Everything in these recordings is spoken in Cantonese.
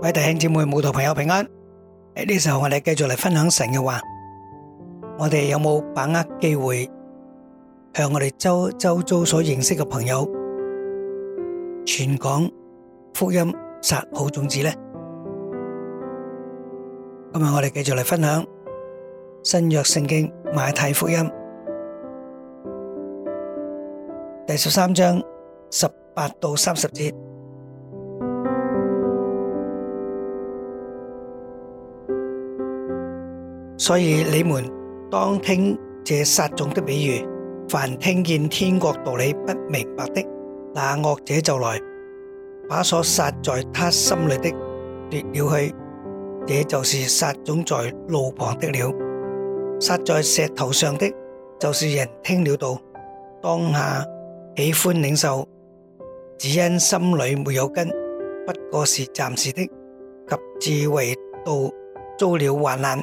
各位弟兄姊妹、慕道朋友平安！喺呢個時候，我哋繼續嚟分享神嘅話。我哋有冇把握機會向我哋周周遭所認識嘅朋友傳講福音、撒好種子呢？今日我哋繼續嚟分享新約聖經馬太福音第十三章十八到三十節。所以你們當聽這撒種的比喻，凡聽見天國道理不明白的，那惡者就來，把所撒在他心裏的奪了去，這就是撒種在路旁的了。撒在石頭上的，就是人聽了道，當下喜歡領受，只因心裏沒有根，不過是暫時的，及至為道遭了患難。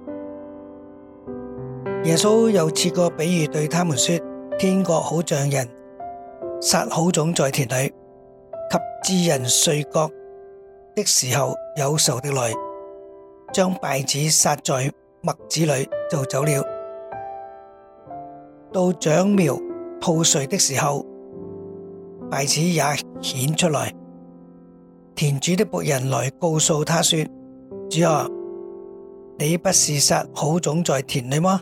耶穌又設個比喻對他們說：天國好像人撒好種在田裏，及至人睡覺的時候有仇的來，將稗子撒在麥子裏就走了。到長苗吐穗的時候，稗子也顯出來。田主的僕人來告訴他說：主啊，你不是撒好種在田裏嗎？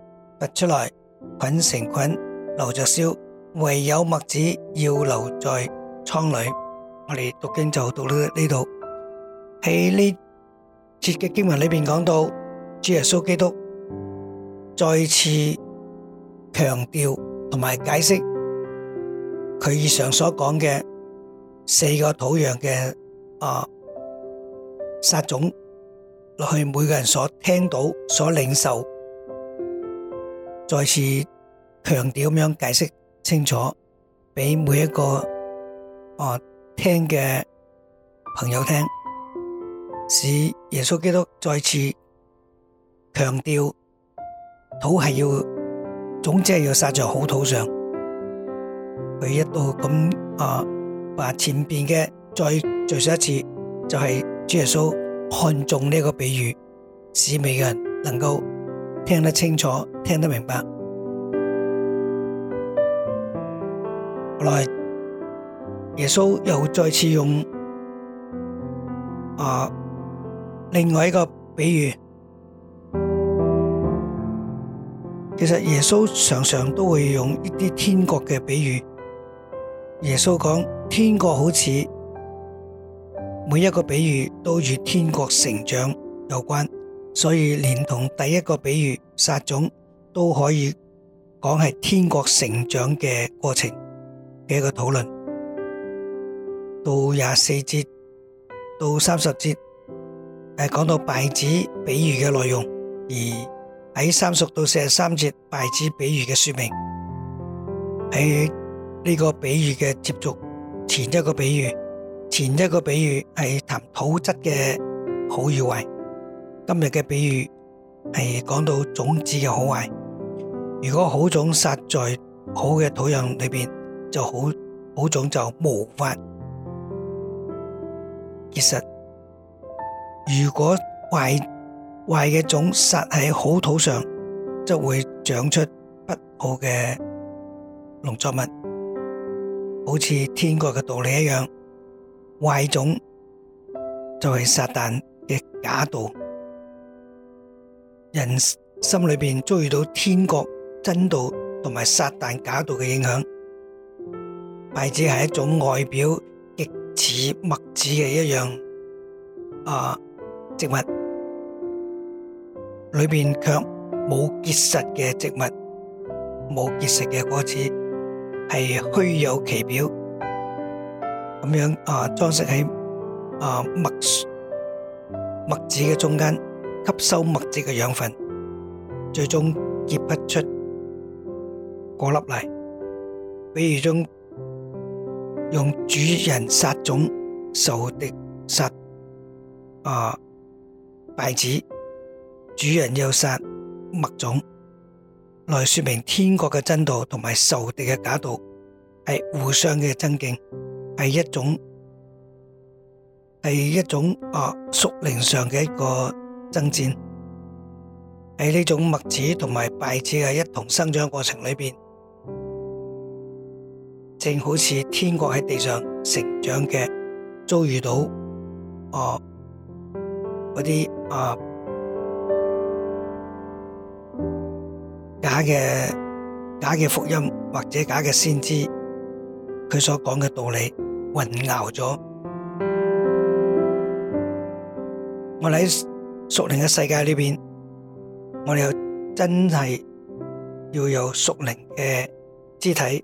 拔出來，捆成捆留着燒，唯有麥子要留在倉裏。我哋讀經就讀到呢度。喺呢節嘅經文裏面講到，主耶穌基督再次強調同埋解釋佢以上所講嘅四個土壤嘅啊撒種，落去每個人所聽到、所領受。再次強調咁樣解釋清楚，俾每一個啊聽嘅朋友聽，使耶穌基督再次強調土係要總之係要撒在好土上。佢一度咁啊話前邊嘅再敘述一次，就係主耶穌看中呢一個比喻，使每個人能夠聽得清楚，聽得明白。後來耶穌又再次用啊另外一個比喻。其實耶穌常常都會用一啲天國嘅比喻。耶穌講天國好似每一個比喻都與天國成長有關，所以連同第一個比喻撒種。都可以講係天國成長嘅過程嘅一個討論，到廿四節到三十節，係講到稗子比喻嘅內容，而喺三十到四十三節稗子比喻嘅說明。喺呢個比喻嘅接觸前一個比喻，前一個比喻係談土質嘅好與壞，今日嘅比喻係講到種子嘅好壞。如果好種撒在好嘅土壤裏邊，就好好種就無法結實；如果壞壞嘅種撒喺好土上，就會長出不好嘅農作物。好似天國嘅道理一樣，壞種就係撒旦嘅假道，人心裏邊遭遇到天國。真度同埋撒旦假度嘅影響，稗子，係一種外表極似麥子嘅一樣啊植物，裏邊卻冇結實嘅植物，冇結實嘅果子，係虛有其表咁樣啊裝飾喺啊麥麥子嘅中間，吸收麥子嘅養分，最終結不出。嗰粒嚟，比如將用主人殺種仇敵殺啊敗子，主人要殺麥種，來說明天國嘅真道同埋仇敵嘅假道係互相嘅爭競，係一種係一種啊屬靈上嘅一個爭戰喺呢種麥子同埋敗子嘅一同生長過程裏邊。正好似天國喺地上成長嘅，遭遇到哦嗰啲啊假嘅假嘅福音或者假嘅先知，佢所講嘅道理混淆咗。我哋喺屬靈嘅世界呢邊，我哋又真係要有屬靈嘅肢體。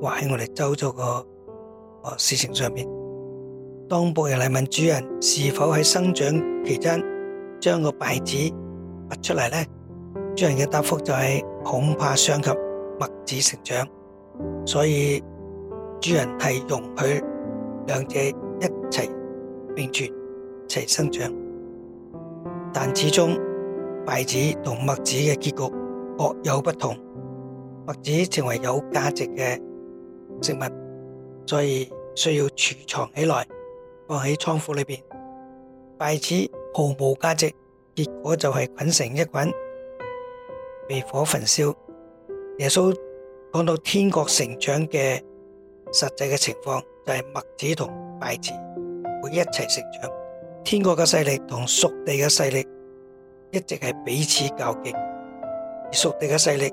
話喺我哋周遭個事情上邊，當僕人嚟問主人是否喺生長期間將個稗子拔出嚟咧，主人嘅答覆就係恐怕傷及麥子成長，所以主人係容許兩者一齊並存，一齊生長。但始終稗子同麥子嘅結局各有不同，麥子成為有價值嘅。食物，所以需要儲藏起來，放喺倉庫裏面。稗子毫無價值，結果就係捆成一捆，被火焚燒。耶穌講到天國成長嘅實際嘅情況，就係、是、麥子同稗子會一齊成長。天國嘅勢力同屬地嘅勢力一直係彼此較勁，而屬地嘅勢力。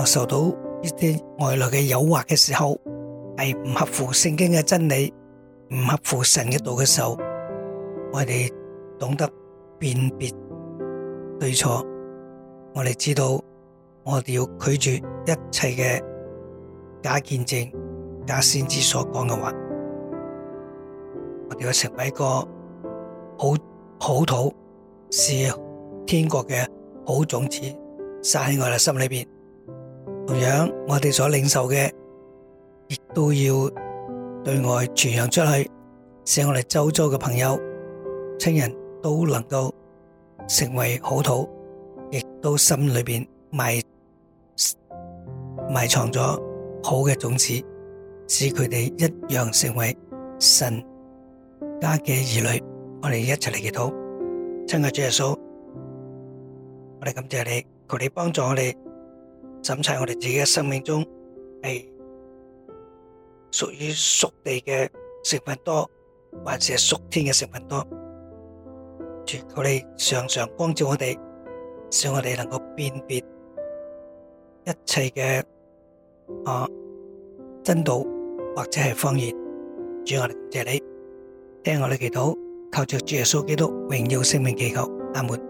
我受到一啲外來嘅誘惑嘅時候，係唔合乎聖經嘅真理，唔合乎神嘅道嘅時候，我哋懂得辨別對錯，我哋知道我哋要拒絕一切嘅假見證、假先知所講嘅話，我哋要成為一個好好土，是天國嘅好種子，撒喺我哋心裏邊。同樣，我哋所領受嘅，亦都要對外傳揚出去，使我哋周遭嘅朋友、親人都能夠成為好土，亦都心裏面埋埋藏咗好嘅種子，使佢哋一樣成為神家嘅兒女。我哋一齊嚟祈禱，親愛主耶穌，我哋感謝你，求你幫助我哋。審查我哋自己嘅生命中，係屬於屬地嘅成分多，還是屬天嘅成分多？主求你常常光照我哋，使我哋能夠辨別一切嘅啊真道或者係謊言。主我哋感謝你，聽我哋祈禱，靠着主耶穌基督榮耀聖名祈求，阿門。